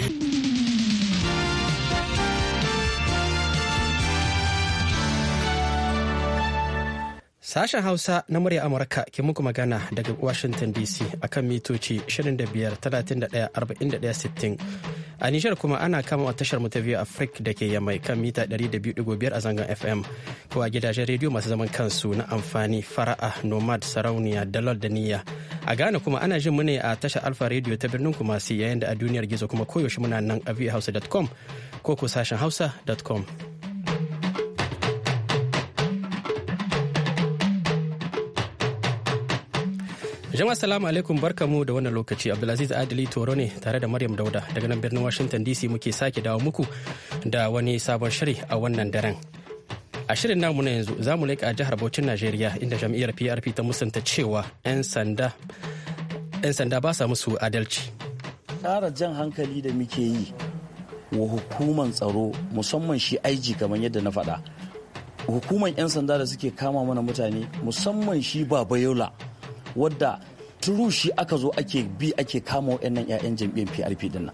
Bye. Sashen Hausa na murya Amurka ke muku magana daga Washington DC a kan mitoci 25 31 A nishar kuma ana kama a tashar ta biyu Afrik da ke yamai kan mita 200.5 a zangon FM ko a gidajen rediyo masu zaman kansu na amfani fara'a nomad sarauniya da niyya. A Ghana kuma ana jin mu ne a tashar Alfa Radio ta birnin Kumasi yayin da a duniyar gizo kuma koyaushe muna nan a viewhouse.com ko ko sashen hausa.com. Jama'a salamu alaikum barkamu da wannan lokaci Abdulaziz Adili Toro ne tare da Maryam Dauda daga nan birnin Washington DC muke sake dawo muku da wani sabon shiri a wannan daren. A shirin namu na yanzu za mu leƙa jihar Bauchin Najeriya inda jam'iyyar PRP ta musanta cewa 'yan sanda ba sa musu adalci. Ƙara jan hankali da muke yi wa hukumar tsaro musamman shi IG kamar yadda na faɗa. hukumar 'yan sanda da suke kama mana mutane musamman shi Baba Yola. wadda turushi aka zo ake bi ake kama waɗannan 'ya'yan jam'iyyar PRP nan.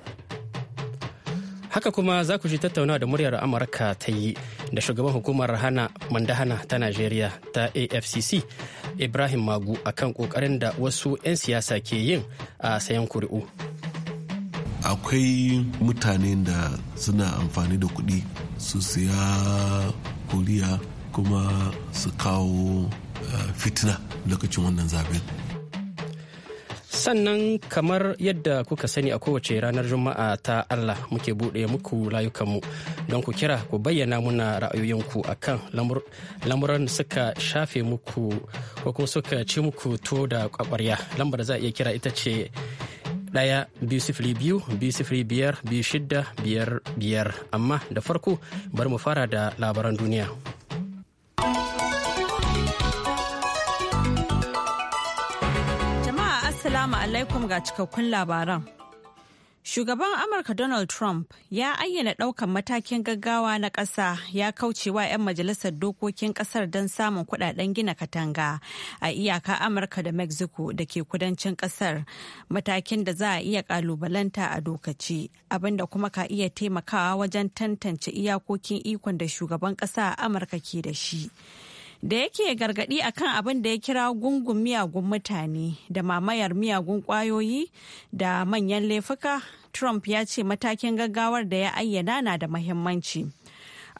haka kuma za ku shi tattauna da muryar amurka ta yi da shugaban hukumar hana mandahana ta najeriya ta afcc ibrahim magu akan kokarin da wasu 'yan siyasa ke yin a sayan kuri'u akwai mutane da suna amfani da kuɗi su siya kuriya kuma su kawo fitina lokacin wannan zaben sannan kamar yadda kuka sani a kowace ranar juma'a ta allah muke buɗe muku layukanmu don ku kira ku bayyana muna ra'ayoyinku a kan lamuran suka shafe muku ko kuma suka ci muku to da kwakwarya lambar za a iya kira ita ce ɗaya biyu sifili biyu biyu sifili biyar biyu shidda biyar biyar amma da farko bari mu fara da labaran duniya. alaikum ga cikakkun labaran. Shugaban Amurka Donald Trump ya ayyana ɗaukan matakin gaggawa na ƙasa ya kaucewa 'yan majalisar dokokin ƙasar don samun kuɗaɗen gina katanga a iyaka Amurka da Mexico da ke kudancin ƙasar matakin da za a iya ƙalubalanta a dokaci abinda kuma ka iya taimakawa wajen tantance iyakokin ikon da shugaban ƙasa a Amurka ke da shi. da yake gargadi kan abin da ya kira gungun miyagun mutane da mamayar miyagun kwayoyi da manyan laifuka trump ya ce matakin gaggawar da ya ayyana na da mahimmanci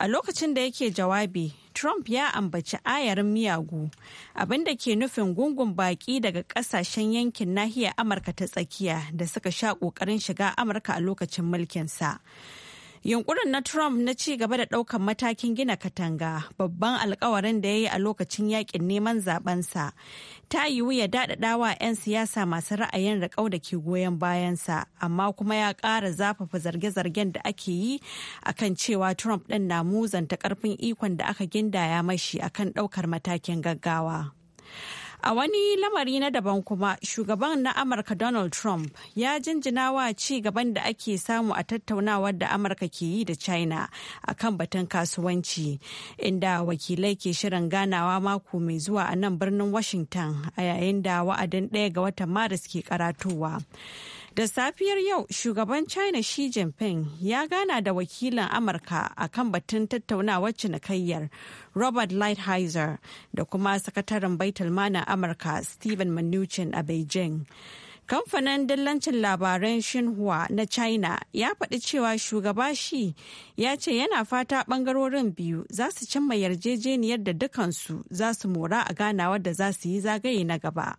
a lokacin da yake jawabi trump ya ambaci ayarin miyagu abin da ke nufin gungun baki daga kasashen yankin nahiyar amurka ta tsakiya da suka sha kokarin shiga amurka a lokacin mulkinsa. Yunkurin na Trump na ci gaba da ɗaukan matakin gina katanga babban alkawarin da ya yi a lokacin yakin neman zabensa ta yiwu ya daɗaɗa wa 'yan siyasa masu ra'ayin rikau da ke goyon bayansa amma kuma ya ƙara zafafa zarge-zargen da ake yi akan cewa Trump ɗin na muzanta ƙarfin ikon da aka gindaya mashi akan ɗaukar matakin gaggawa. A wani lamari na daban kuma, shugaban na Amurka Donald Trump ya jinjina wa ci gaban da ake samu a tattaunawar da Amurka ke yi da China a kan batun kasuwanci, inda wakilai ke shirin ganawa mako mai zuwa a nan birnin Washington a yayin da wa'adin ɗaya ga watan Maris ke karatowa. Da safiyar yau shugaban China Xi Jinping ya gana da wakilin Amurka a kan batun tattaunawar cinikayyar Robert Lighthizer da kuma sakataren baitulmanin Amurka Stephen Mnuchin a Beijing. Kamfanin dillancin labaran Xinhua na China ya faɗi cewa shugaba shi ya ce yana fata ɓangarorin biyu za su cimma yarjejeniyar da dukansu za su mora a ganawar da za su yi zagaye na gaba.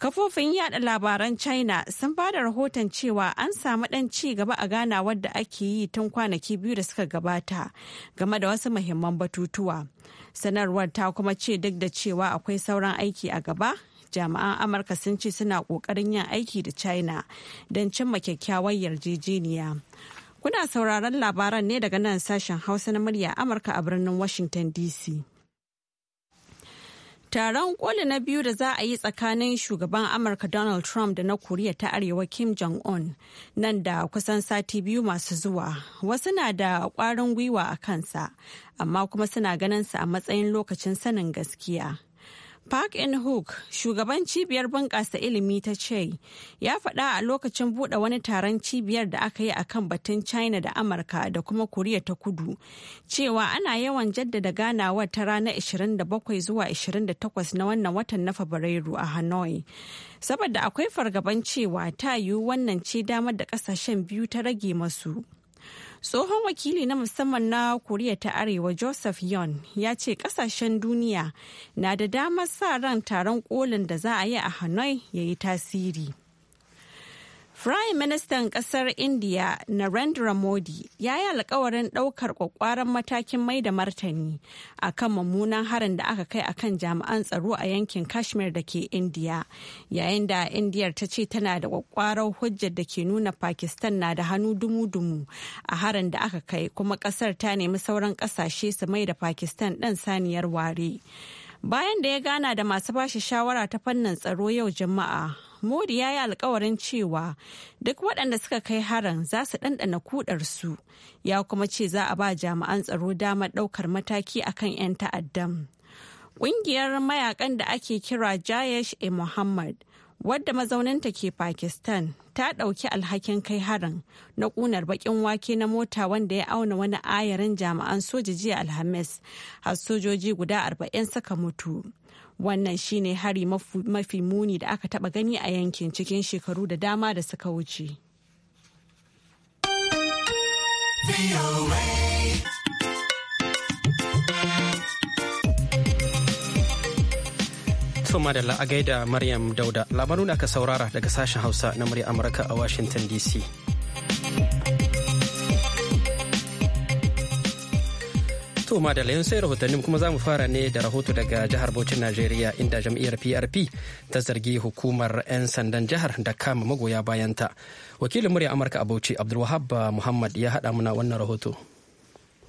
Kafofin yada labaran China sun ba da rahoton cewa an samu ɗan ci gaba a Ghana wadda ake yi tun kwanaki biyu da suka gabata game da wasu muhimman batutuwa. Sanarwar ta kuma ce duk da cewa akwai sauran aiki a gaba, jami'an Amurka sun ce suna ƙoƙarin yin aiki da China don cimma kyakkyawar yarjejeniya. Kuna sauraron labaran ne daga nan sashen Hausa na murya Amurka a birnin Washington DC. Taron koli na biyu da za a yi tsakanin shugaban Amurka Donald Trump da na Koriya ta Arewa Kim Jong-un nan da kusan sati biyu masu zuwa. Wasu na da kwarin gwiwa a kansa, amma kuma suna ganin sa a matsayin lokacin sanin gaskiya. Park and Hook, shugaban cibiyar bunƙasa ilimi ta ce, ya faɗa a lokacin buɗe wani taron cibiyar da aka yi a kan batun China da Amurka da kuma Koriya ta Kudu, cewa ana yawan jaddada ganawar ta ranar 27 zuwa 28 na wannan watan na Fabrairu a Hanoi. Saboda akwai fargaban cewa ta yiwu wannan ce damar da ƙasashen biyu ta rage masu. tsohon wakili na musamman na koriya ta arewa joseph yon ya ce kasashen duniya na da damar sa ran taron kolin da za a yi a hanoi ya yi tasiri Prime Ministan kasar India Narendra Modi ya yi alkawarin ɗaukar kwakwaran matakin mai da martani a kan mummunan harin da aka kai akan jami'an tsaro a yankin Kashmir da ke India, yayin da Indiyar ta ce tana da kwakwarar hujjar da ke nuna Pakistan na da hannu dumu-dumu a harin da aka kai kuma kasar ta nemi sauran kasashe su mai da Pakistan ɗan saniyar ware. Bayan da ya gana da masu bashi shawara ta fannin tsaro yau jama'a, Modi ya yi alkawarin cewa duk waɗanda suka kai harin za su ɗanɗana kudarsu, ya kuma ce za a ba jami'an tsaro damar ɗaukar mataki akan 'yan ta'addan. Ƙungiyar mayakan da ake kira Jayesh e Muhammad wadda mazauninta ke pakistan ta ɗauki alhakin kai harin na ƙunar baƙin wake na mota wanda ya auna wani ayarin jami'an soja jiya alhamis har sojoji guda arba'in suka mutu wannan shine hari mafi muni da aka taɓa gani a yankin cikin shekaru da dama da suka wuce. To madalla a gaida Maryam Dauda labaru na aka saurara daga sashen Hausa na murya Amurka a Washington DC. To da yanzu sai rahotannin kuma za mu fara ne da rahoto daga jihar Bauchin Najeriya inda jam'iyyar PRP ta zargi hukumar 'yan sandan jihar da kama magoya bayanta. Wakilin murya Amurka a Bauchi Abdulwahab Muhammad ya haɗa muna wannan rahoto.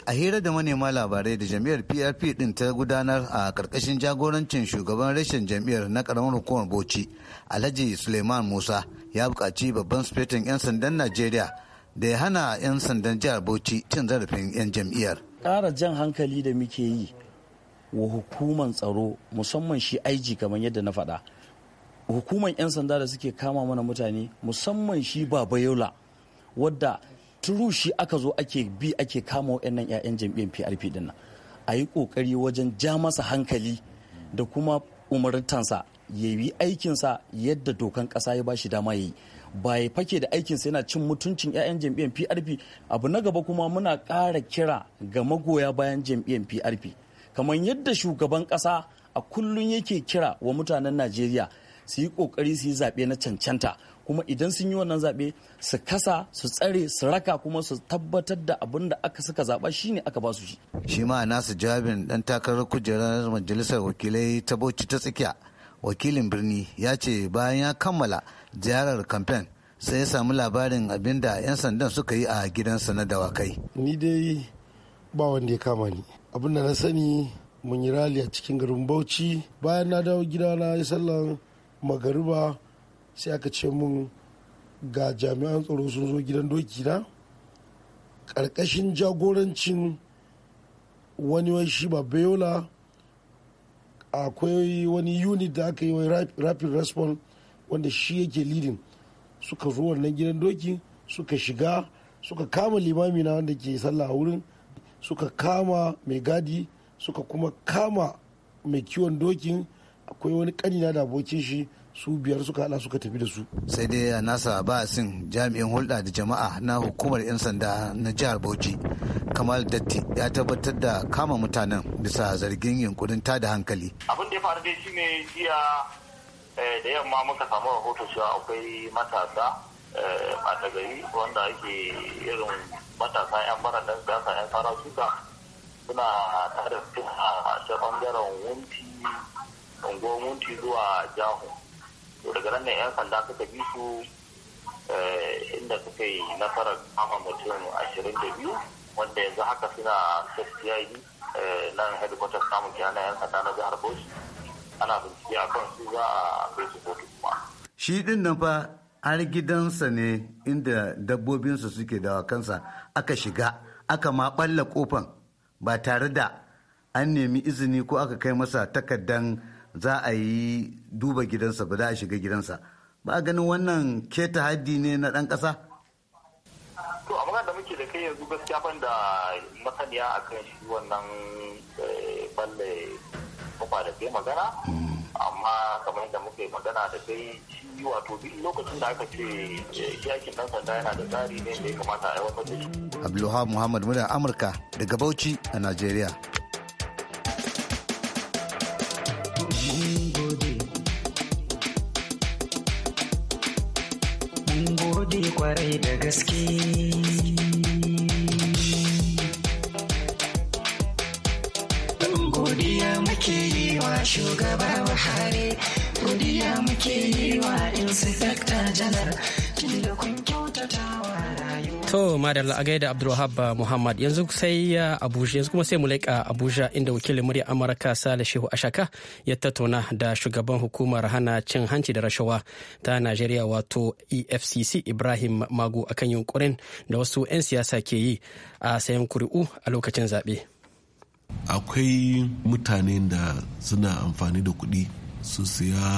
a hira da manema labarai da Jami'ar prp din ta gudanar a karkashin jagorancin shugaban rashin jam'iyyar na karamar hukumar bauchi alhaji suleiman musa ya buƙaci babban sufetin 'yan sandan najeriya da ya hana 'yan sandan jihar bauchi cin zarafin 'yan jam'iyyar ƙara jan hankali da muke yi wa hukuman tsaro musamman shi aiji kamar yadda na faɗa hukumar 'yan sanda da suke kama mana mutane musamman shi baba yola wadda turu shi aka zo ake bi ake kama waɗannan 'ya'yan jam'iyyar PRP din nan a yi ƙoƙari wajen ja masa hankali da kuma umartansa ya yi aikinsa yadda dokan ƙasa ya ba shi dama ya yi ba ya fake da aikinsa yana cin mutuncin 'ya'yan jam'iyyar PRP abu na gaba kuma muna ƙara kira ga magoya bayan jam'iyyar PRP kamar yadda shugaban ƙasa a kullum yake kira wa mutanen Najeriya su yi ƙoƙari su yi zaɓe na cancanta kuma idan sun yi wannan zaɓe su kasa su tsare su raka kuma su tabbatar da abin da aka suka zaɓa shine aka ba su shi. shi ma nasu jawabin dan takarar kujerar majalisar wakilai ta bauchi ta tsakiya wakilin birni ya ce bayan ya kammala ziyarar kamfen sai ya samu labarin abin da 'yan sandan suka yi a gidansa na dawakai. ni dai ba wanda ya kama ni abin da na sani mun yi rali a cikin garin bauchi bayan na dawo gidana ya sallan magariba sai aka ce mun ga jami'an tsaro sun zo gidan doki na ƙarƙashin jagorancin wani shi babayola akwai wani unit da aka yi wai rapid response wanda shi yake leading suka zo wannan gidan doki suka shiga suka kama limami na wanda ke sallah a wurin suka kama mai gadi suka kuma kama mai kiwon dokin akwai wani kanina da abokin shi su biyar suka hada suka tafi da su sai dai a nasa sin jami'in hulɗa da jama'a na hukumar 'yan sanda na jihar bauchi kamal datti ya tabbatar da kama mutanen bisa zargin yunkurin da hankali abin da ya faru dai shine jiya eh, da yamma muka samu rahoto cewa akwai matasa eh, a gari wanda ake irin matasa 'yan barandan gasa 'yan fara suka suna tare da a ta bangaren wunti unguwar wunti zuwa jahu. daga nan ne 'yan sanda suka bi su eh, inda suka yi nasarar kama mutum ashirin da biyu wanda yanzu haka suna yi eh, nan headquarters samun kyanar 'yan sanda na jihar bauchi ana bincike a kan su za a kai su kotu kuma shi din nan fa har gidansa ne inda dabbobinsa suke dawa kansa aka shiga aka ma balla kofan ba tare da an nemi izini ko aka kai masa takardan za a yi duba gidansa ba za a shiga gidansa ba ganin wannan keta haddi ne na ɗan ƙasa? to a magana da muke da kai yanzu gaskiya ban da masaniya a kan shi wannan eh, balle Kuma da kai magana hmm. amma kamar da muke magana da kai shi wato duk lokacin da aka ce eh, yakin ɗan sanda yana da tsari ne da ya kamata a yi da shi. Abdullahi Muhammad muna Amurka daga Bauchi a Najeriya. kwarai da gaske godiya muke yi wa shugaba buhari godiya muke yi wa inspector janar tunda kun kyautatawa To madar a gaida Abdulwahab uh, Muhammad yanzu sai uh, Abuja yanzu kuma sai mu laika Abuja inda wakilin murya Amurka Sale Shehu Ashaka ya tattauna da shugaban hukumar hana cin hanci da rashawa ta nigeria wato EFCC Ibrahim magu akan yunkurin da wasu 'yan siyasa ke yi a sayan kuri'u a lokacin zaɓe. Akwai mutane da suna amfani da kuɗi su siya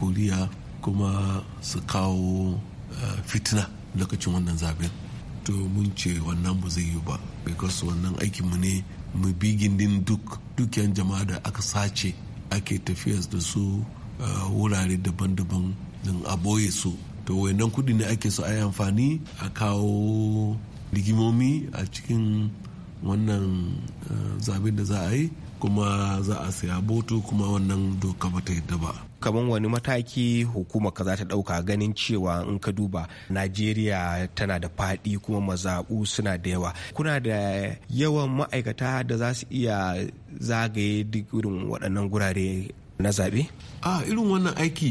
kuriya kuma su kawo uh, fitina. lokacin wannan zaben to mun ce wannan ba zai yi ba because wannan aikin mu ne mu bi gindin duk dukiyan jama'a da aka sace ake tafiya da su wurare daban-daban don a boye su to wannan kudi ne ake so a yi amfani a kawo rigimomi a cikin wannan zaben da za a yi kuma za a saya boto kuma wannan doka ta yadda ba kamar wani mataki hukuma ka za ta ɗauka ganin cewa in ka duba najeriya tana da faɗi kuma mazaɓu suna da yawa kuna da yawan ma'aikata da za su iya zagaye duk irin waɗannan gurare na zaɓe? a irin wannan aiki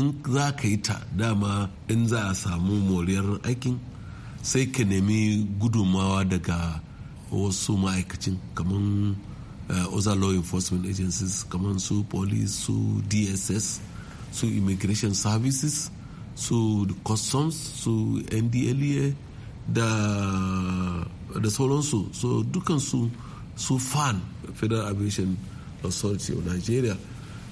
in za ka yi ta dama in za a samu moriyar aikin sai ka nemi gudunmawa daga wasu ma'aikacin kamar uh, other law enforcement agencies kamar su police su dss su immigration services su customs su ndla da da sauransu so dukansu e su fan federal aviation authority of nigeria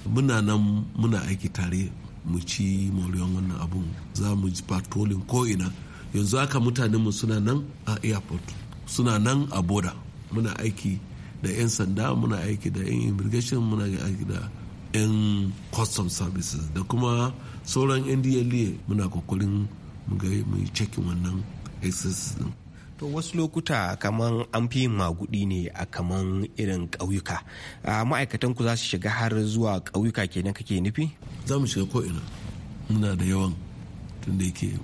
muna nan muna aiki tare mu ci moriyan wannan abun za mu ji patrolin ko'ina yanzu haka mutanenmu suna nan a airport suna nan a boda muna aiki da 'yan sanda muna aiki da 'yan immigration muna aiki da 'yan custom services da kuma sauran ndla muna kokarin mu yi cikin wannan excess din to wasu lokuta kaman an fi magudi ne a kaman irin ƙauyuka ma'aikatan ku za su shiga har zuwa ƙauyuka kenan kake nufi za mu shiga ko'ina muna da yawan tunda yake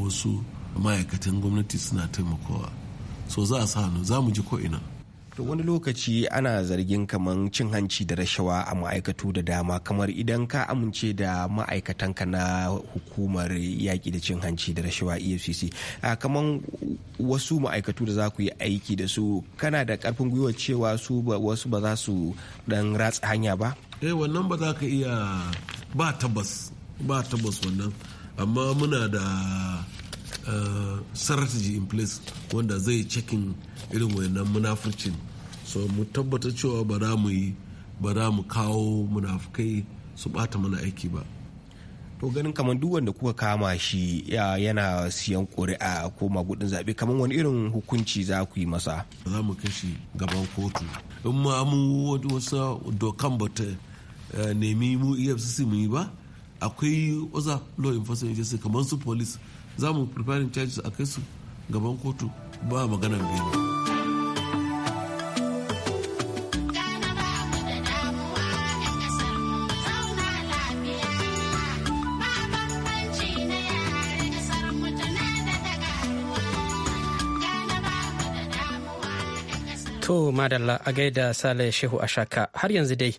wasu ma'aikatan gwamnati suna taimakawa so za a sa hannu za mu ji ko'ina to wani lokaci ana zargin kamar cin hanci da rashawa a ma'aikatu da dama kamar idan ka amince da ma'aikatanka na hukumar yaƙi da cin hanci da rashawa efcc kamar wasu ma'aikatu da za ku yi aiki da su kana da ƙarfin gwiwa cewa su wasu ba za su dan ratsa hanya ba eh wannan ba za ka iya ba tabbas ba tabbas wannan amma muna da eh, strategy in place wanda zai checking irin wayannan munafurcin so mu tabbatar cewa ba za mu yi ba za mu kawo munafukai su bata mana aiki ba to ganin kamar duk wanda kuka kama shi yana siyan ƙuri'a ko magudin zaɓe kamar wani irin hukunci za ku yi masa za mu kai gaban kotu in ma mu wasu dokan ba ta eh, nemi mu su e mu yi ba akwai wasa law enforcement agency kamar su police za mu preparing charges a kai su gaban kotu ba maganar biyu To madalla a gaida Sale Shehu Ashaka har yanzu dai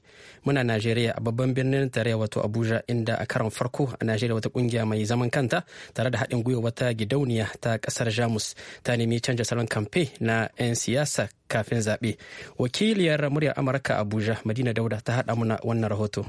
muna Najeriya a babban birnin tare wato Abuja inda a karon farko a Najeriya wata kungiya mai zaman kanta tare da haɗin gwiwa wata gidauniya ta ƙasar Jamus ta nemi canja salon kamfe na 'yan siyasa kafin zaɓe. Wakiliyar muryar Amurka Abuja Madina Dauda ta haɗa muna wannan rahoto.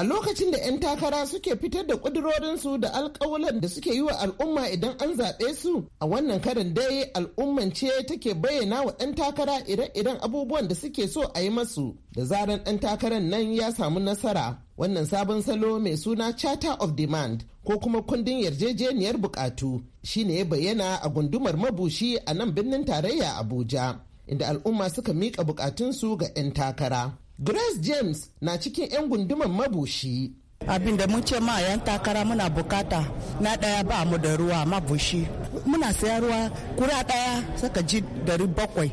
a lokacin da 'yan takara suke fitar da ƙudurorinsu da alƙawulan da suke yi wa al'umma idan an zaɓe su a wannan karin dai al'umman ce take bayyana wa 'yan takara ire-iren abubuwan da suke so a yi masu da zaran 'yan takarar nan ya samu nasara wannan sabon salo mai suna charter of demand ko kuma kundin yarjejeniyar bukatu shine ya bayyana a gundumar mabushi a nan birnin tarayya abuja inda al'umma suka miƙa bukatunsu ga 'yan takara Grace James na cikin 'yan gunduman mabushi. abin da mun ce ma yan takara muna bukata na ɗaya ba mu da ruwa mabushi muna saya ruwa kura ɗaya saka ji dari bakwai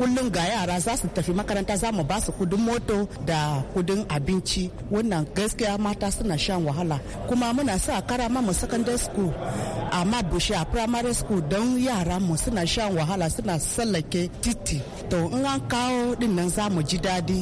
kullum ga yara za su tafi makaranta za mu ba su kudin moto da kudin abinci wannan gaskiya mata suna shan wahala kuma muna sa kara mamu secondary school a mabushi a primary school don yara mu suna shan wahala suna sallake titi to in an kawo din nan za mu ji daɗi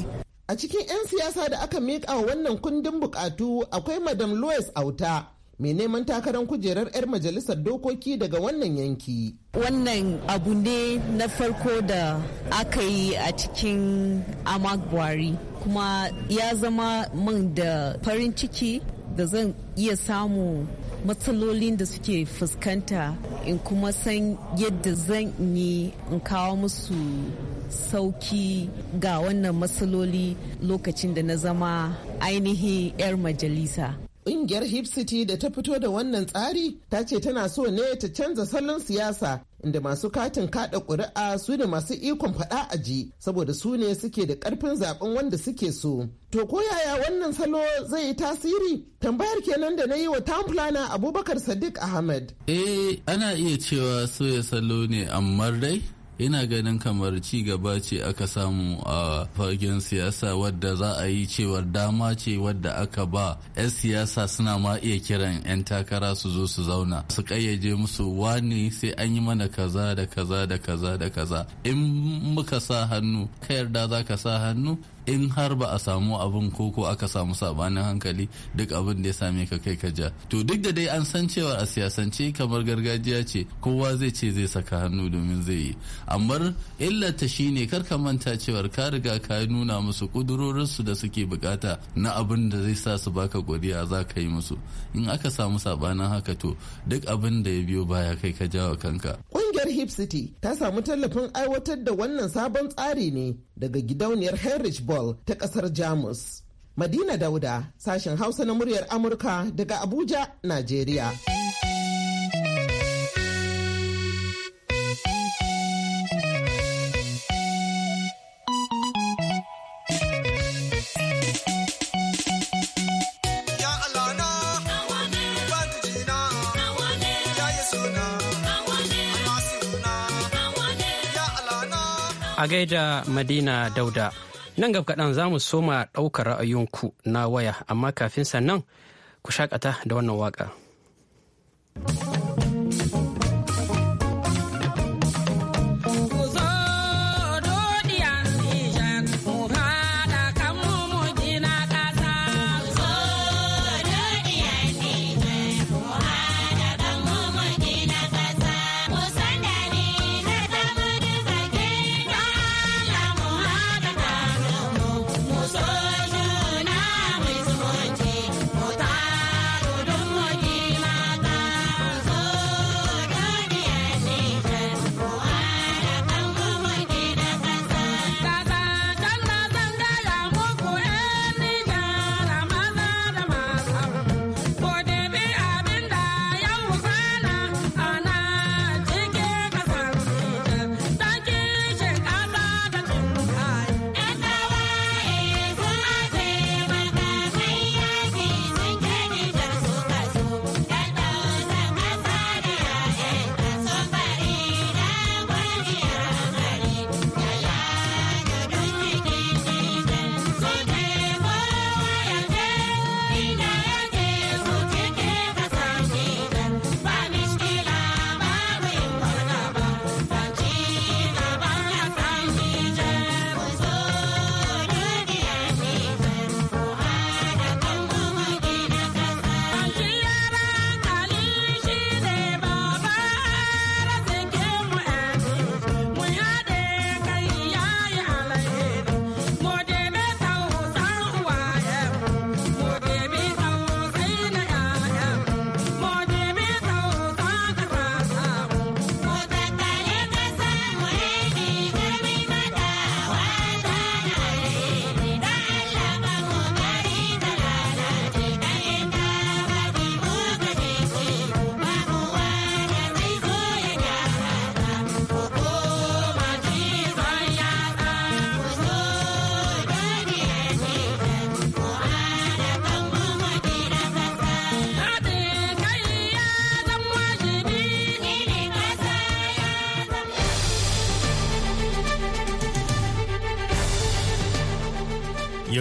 A cikin 'yan siyasa da aka miƙa wa wannan kundin buƙatu akwai Madam Louis Auta. mai neman takarar kujerar 'yar majalisar dokoki daga wannan yanki. Wannan abu ne na farko da aka yi a cikin amagwari kuma ya zama man da farin ciki da zan iya samu matsalolin da suke fuskanta in kuma san yadda zan yi in kawo musu sauki ga wannan matsaloli lokacin da na zama ainihi 'yar majalisa. Ƙungiyar Hip City da ta fito da wannan tsari ta ce tana so ne ta canza salon siyasa inda masu katin kada ƙuri'a su ne masu ikon faɗa aji saboda su ne suke da ƙarfin zaɓen wanda suke so. To ko yaya wannan salo zai yi tasiri? Tambayar kenan da na yi wa town planner Abubakar Sadiq Ahmed. Eh ana iya cewa soya salo ne amma dai ina ganin kamar ci gaba ce aka samu a fagen siyasa wadda za a yi cewar dama ce wadda aka ba 'yan siyasa suna ma iya kiran 'yan takara su zo su zauna su kayyaje musu wani sai an yi mana kaza da kaza da kaza da kaza in muka sa hannu ka yarda za ka sa hannu in har ba a samu abin ko ko aka samu sabanin hankali duk abin da ya same ka kai ka ja to duk da dai an san cewa a siyasance kamar gargajiya ce kowa zai ce zai saka hannu domin zai yi amma illata shine kar ka manta cewar ka riga ka nuna musu kudurorinsu da suke bukata na abin da zai sa su baka godiya za ka yi musu in aka samu sabanin haka to duk abin da ya biyo baya kai ka jawa kanka kungiyar Hip City ta samu tallafin aiwatar da wannan sabon tsari ne daga gidauniyar Heinrich Ball ta kasar Jamus. Madina Dauda, sashen Hausa na muryar Amurka daga Abuja, Najeriya. A gaida Madina Dauda. Nan gab kaɗan za mu soma ɗaukar ra'ayinku na waya, amma kafin sannan ku shakata da wannan waƙa.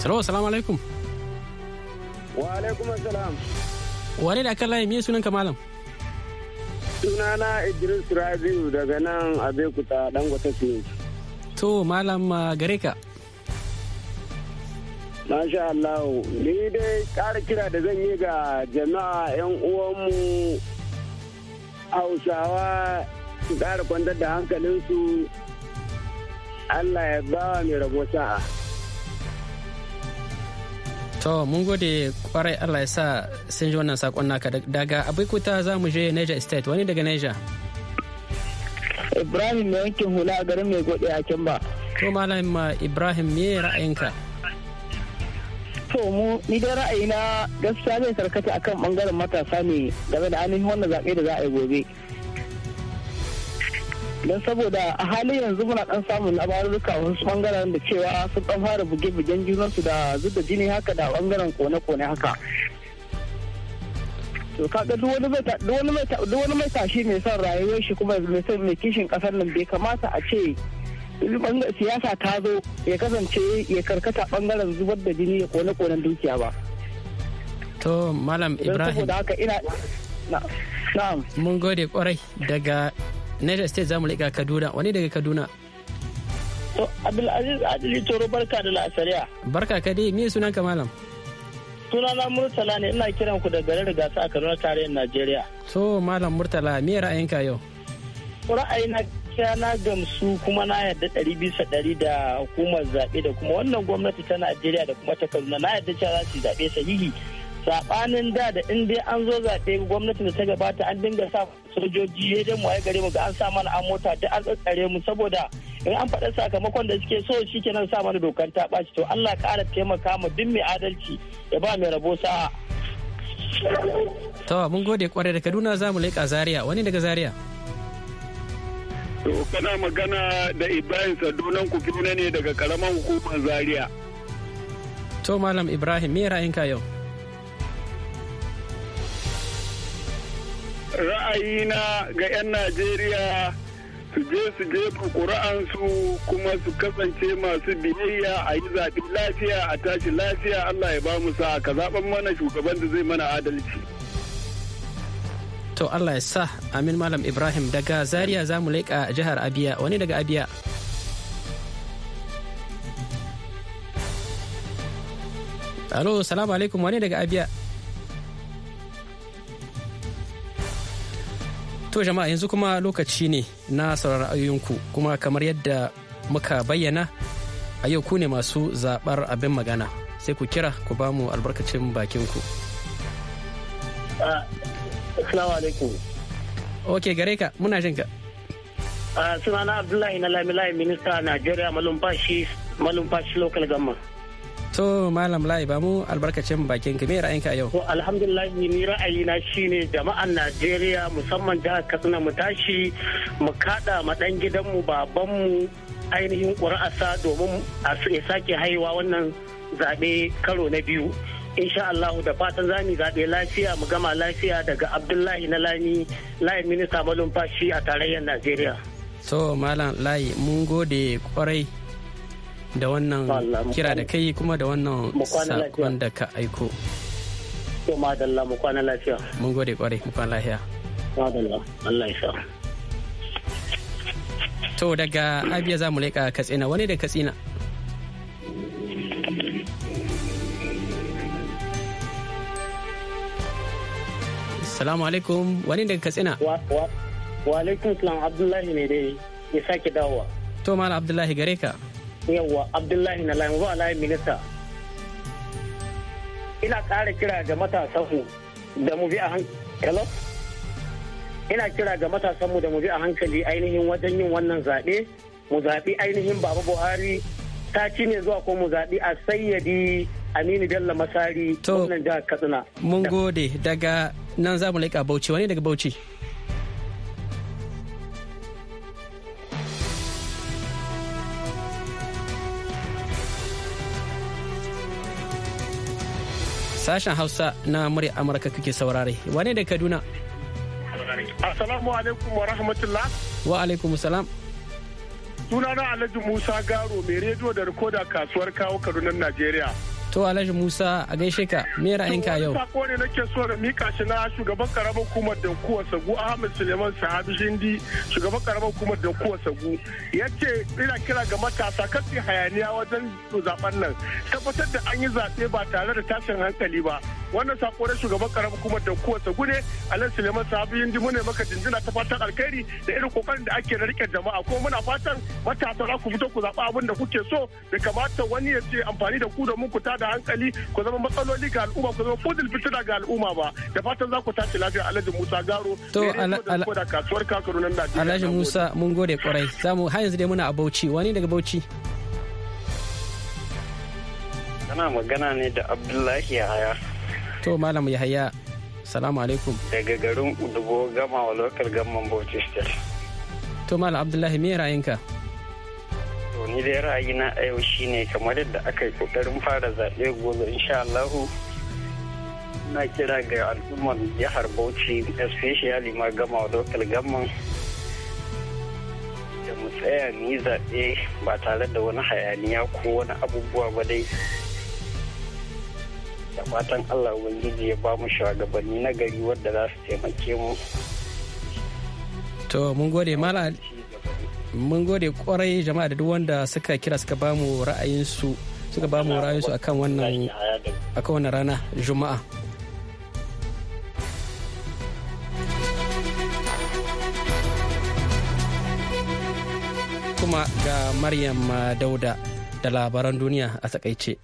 salamu salamu alaikum wa alaikum salam. wane da kan layi me sunan ka malam sunana idris rabiu daga nan abekuta dangote siminti to malam gare ka Masha Allah, ni dai ƙara kira da zan yi ga jama'a 'yan uwanmu Hausawa su ƙara kwantar da hankalinsu Allah ya ba mai rabo sa'a. To mun gode kwarai Allah ya sa sun ji wannan sakon naka daga bikuta za mu je Niger State wani daga Niger. Ibrahim mai yankin hula a garin mai gode a can ba. To malam Ibrahim me ra'ayinka? To mu ni da ra'ayina gaskiya zai karkata akan bangaren matasa ne game da ainihin wannan zaɓe da za a yi gobe. don saboda a halin yanzu muna dan samun labarurruka wasu bangaren da cewa sun dan fara buge-bugen junansu da zuba jini haka da bangaren kone-kone haka to kaga duk wani mai duk wani mai tashi mai son rayuwar shi kuma mai son mai kishin kasar nan bai kamata a ce siyasa ta zo ya kasance ya karkata bangaren zubar da jini ya kone kone dukiya ba to malam ibrahim mun gode kwarai daga Niger State mu leƙa Kaduna wani daga Kaduna. To Abdulaziz Adili Toro barka da la'asariya. Barka ka dai ni sunan ka malam? Sunana Murtala ne ina kiran ku da garin gasa a Kaduna tarihin Najeriya. To malam Murtala me ra'ayinka yau? Ra'ayi gaskiya na gamsu kuma na yarda ɗari bisa ɗari da hukumar zaɓe da kuma wannan gwamnati ta Najeriya da kuma ta Kaduna na yarda cewa za su zaɓe sahihi sabanin da da in dai an zo zaɓe gwamnati da ta gabata an dinga sa sojoji ya dan waye gare mu ga an sa mana an mota da an tsare mu saboda in an faɗa sakamakon da suke so shi kenan sa mana dokar ta ɓaci to Allah ƙara taimaka mu duk mai adalci ya ba mai rabo sa'a. To mun gode kwarai da Kaduna za mu leƙa Zaria wani daga Zaria. To kana magana da Ibrahim Sadunan Kufina ne daga karaman hukumar Zaria. To Malam Ibrahim me ra'ayinka yau? ra'ayina ga 'yan najeriya su je su jefa ƙura'ansu kuma su kasance masu biyayya a yi zaɓi lafiya a tashi lafiya allah ya ba mu sa ka zaɓen mana shugaban da zai mana adalci to allah ya sa amin malam ibrahim daga zaria za mu leƙa jihar abiya wani daga abiya alo salamu alaikum wani daga abiya To jama'a yanzu kuma lokaci ne na sauraron ku kuma kamar yadda muka bayyana a yau ku ne masu zaɓar abin magana sai ku kira ku ba mu albarkacin bakinku. Ah, assalamu alaikum. Ok gare ka muna jin ka. Ah, sunana Abdullahi na Lamilai Minista Najeriya malumfashi malumfashi local government. to malam layi ba mu albarkacin bakin ka me ra'ayinka a yau to alhamdulillah ni ra'ayina shine jama'an Najeriya musamman jihar Katsina mu tashi mu kada ma dan baban mu ainihin ƙuri'arsa domin a sake haihuwa wannan zaɓe karo na biyu insha Allah da fatan za mu zaɓe lafiya mu gama lafiya daga Abdullahi na Lami Lai minista malumfashi a tarayyar Najeriya. To Malam Layi mun gode kwarai da wannan kira da kai kuma da wannan sakon da ka aiko. To madalla mu kwana lafiya. Mun gode kwarai mu kwana lafiya. Allah To daga Abia za mu leƙa Katsina wani da Katsina. Salamu alaikum wani daga Katsina. Wa alaikum salam Abdullahi ne dai ya sake dawowa. To Malam Abdullahi gare ka. Yawwa Abdullahi na layin ba layin minista. Ina ƙara kira ga matasanmu da mu bi a hankali. Ina kira ga matasanmu da mu bi a hankali ainihin wajen yin wannan zaɓe. Mu zaɓi ainihin Baba Buhari sati ne zuwa ko mu zaɓi a sayyadi Aminu Bello Masari wannan jihar Katsina. Mun gode daga nan za mu laika Bauchi wani daga Bauchi. Sashen Hausa na murya Amurka kuke saurare. Wane da Kaduna? Assalamu alaikum wa rahmatullah. Wa alaikum salam. Sunana Alhaji Musa Garo mai rediyo da rikoda kasuwar kawo Kaduna Najeriya. To Alhaji Musa a gaishe ka me ra'ayinka yau? Sako ne nake so da mika shi na shugaban karamar hukumar kuwa Sagu Ahmed Suleiman Sahabi Shindi shugaban karamar hukumar kuwa Sagu yace ina kira ga matasa kan hayaniya wajen zaben nan tabbatar da an yi zaɓe ba tare da tashin hankali ba wannan sako shugaban karamin kuma da kowace gune alhaji suleiman sabu yin ji ne maka jinjina ta fatan alkhairi da irin kokarin da ake na rike jama'a kuma muna fatan matasa za ku fito ku zaɓa abin da kuke so da kamata wani ya ce amfani da ku da mu ku da hankali ku zama matsaloli ga al'umma ku zama fudul fitina ga al'umma ba da fatan za ku tashi lafiya alhaji musa garo to da kasuwar nan alhaji musa mun gode kwarai zamu har yanzu dai muna a bauchi wani daga bauchi kana magana ne da abdullahi haya to malam yahaya salamu alaikum daga garin udugo gama wa lokal gamman bautista. to malam abdullahi me ra'ayinka to ni dai ra'ayina a yau shine kamar yadda aka yi kokarin fara zaɓe gobe insha Allahu na kira ga al'ummar jihar bauchi especially ma gama wa lokal gamman da mu tsaya ni zaɓe ba tare da wani hayaniya ko wani abubuwa ba dai da fatan allah ubangiji ya ba mu shugabanni na gari wadda za su taimake mu to mun gode mala mun gode kwarai jama'a da duk wanda suka kira suka ba mu ra'ayinsu suka ba mu ra'ayinsu akan wannan akan wannan rana juma'a kuma ga maryam dauda da labaran duniya a takaice.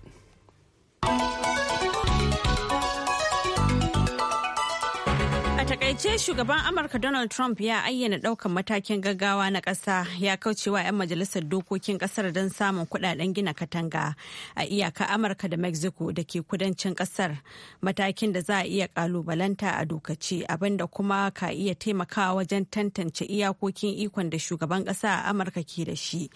second. takaice shugaban Amurka Donald Trump ya ayyana daukan matakin gaggawa na ƙasa ya kaucewa 'yan majalisar dokokin ƙasar don samun kudaden gina katanga a iyaka Amurka da Mexico da ke kudancin ƙasar matakin da za a iya kalubalanta a dokaci abinda kuma ka iya taimakawa wajen tantance iyakokin ikon da shugaban ƙasa a Amurka ke da shi.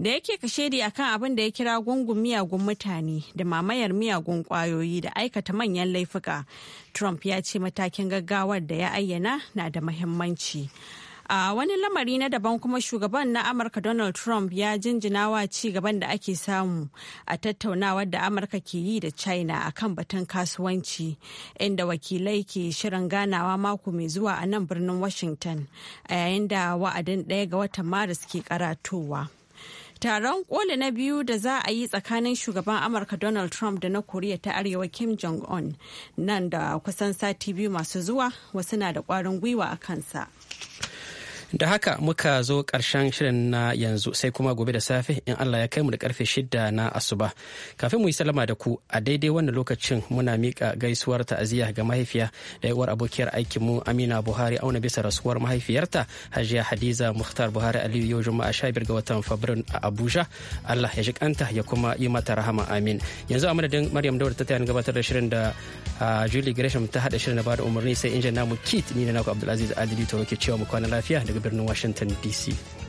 Da yake kashedi akan abin da ya kira gungun miyagun mutane da mamayar miyagun kwayoyi da aikata manyan laifuka. Trump ya ce matakin gaggawar da ya ayyana na da mahimmanci A wani lamari na daban kuma shugaban na Amurka Donald Trump ya jinjina wa ci gaban da ake samu a tattaunawar da Amurka ke yi da China a kan batun kasuwanci inda wakilai ke shirin ganawa mako mai zuwa a nan birnin Washington a yayin da wa'adin ɗaya ga watan Maris ke karatowa. Taron koli na biyu da za a yi tsakanin shugaban Amurka Donald Trump da na Koriya ta Arewa Kim Jong-un nan da kusan sati biyu masu zuwa wasu na da kwarin gwiwa a kansa. da haka muka zo karshen shirin na yanzu sai kuma gobe da safe in allah ya kai mu da karfe shida na asuba kafin mu yi salama da ku a daidai wannan lokacin muna mika gaisuwar ta'aziyya ga mahaifiya da yawar abokiyar aikin mu amina buhari auna bisa rasuwar mahaifiyarta hajiya hadiza muhtar buhari aliyu yau juma'a sha ga watan fabrairu a abuja allah ya ji kanta ya kuma yi mata rahama amin yanzu a madadin maryam daura ta tayan gabatar da shirin da julie gresham ta hada shirin da bada umarni sai injin namu kit ni na naku abdulaziz adili toro ke cewa mu kwana lafiya daga In washington dc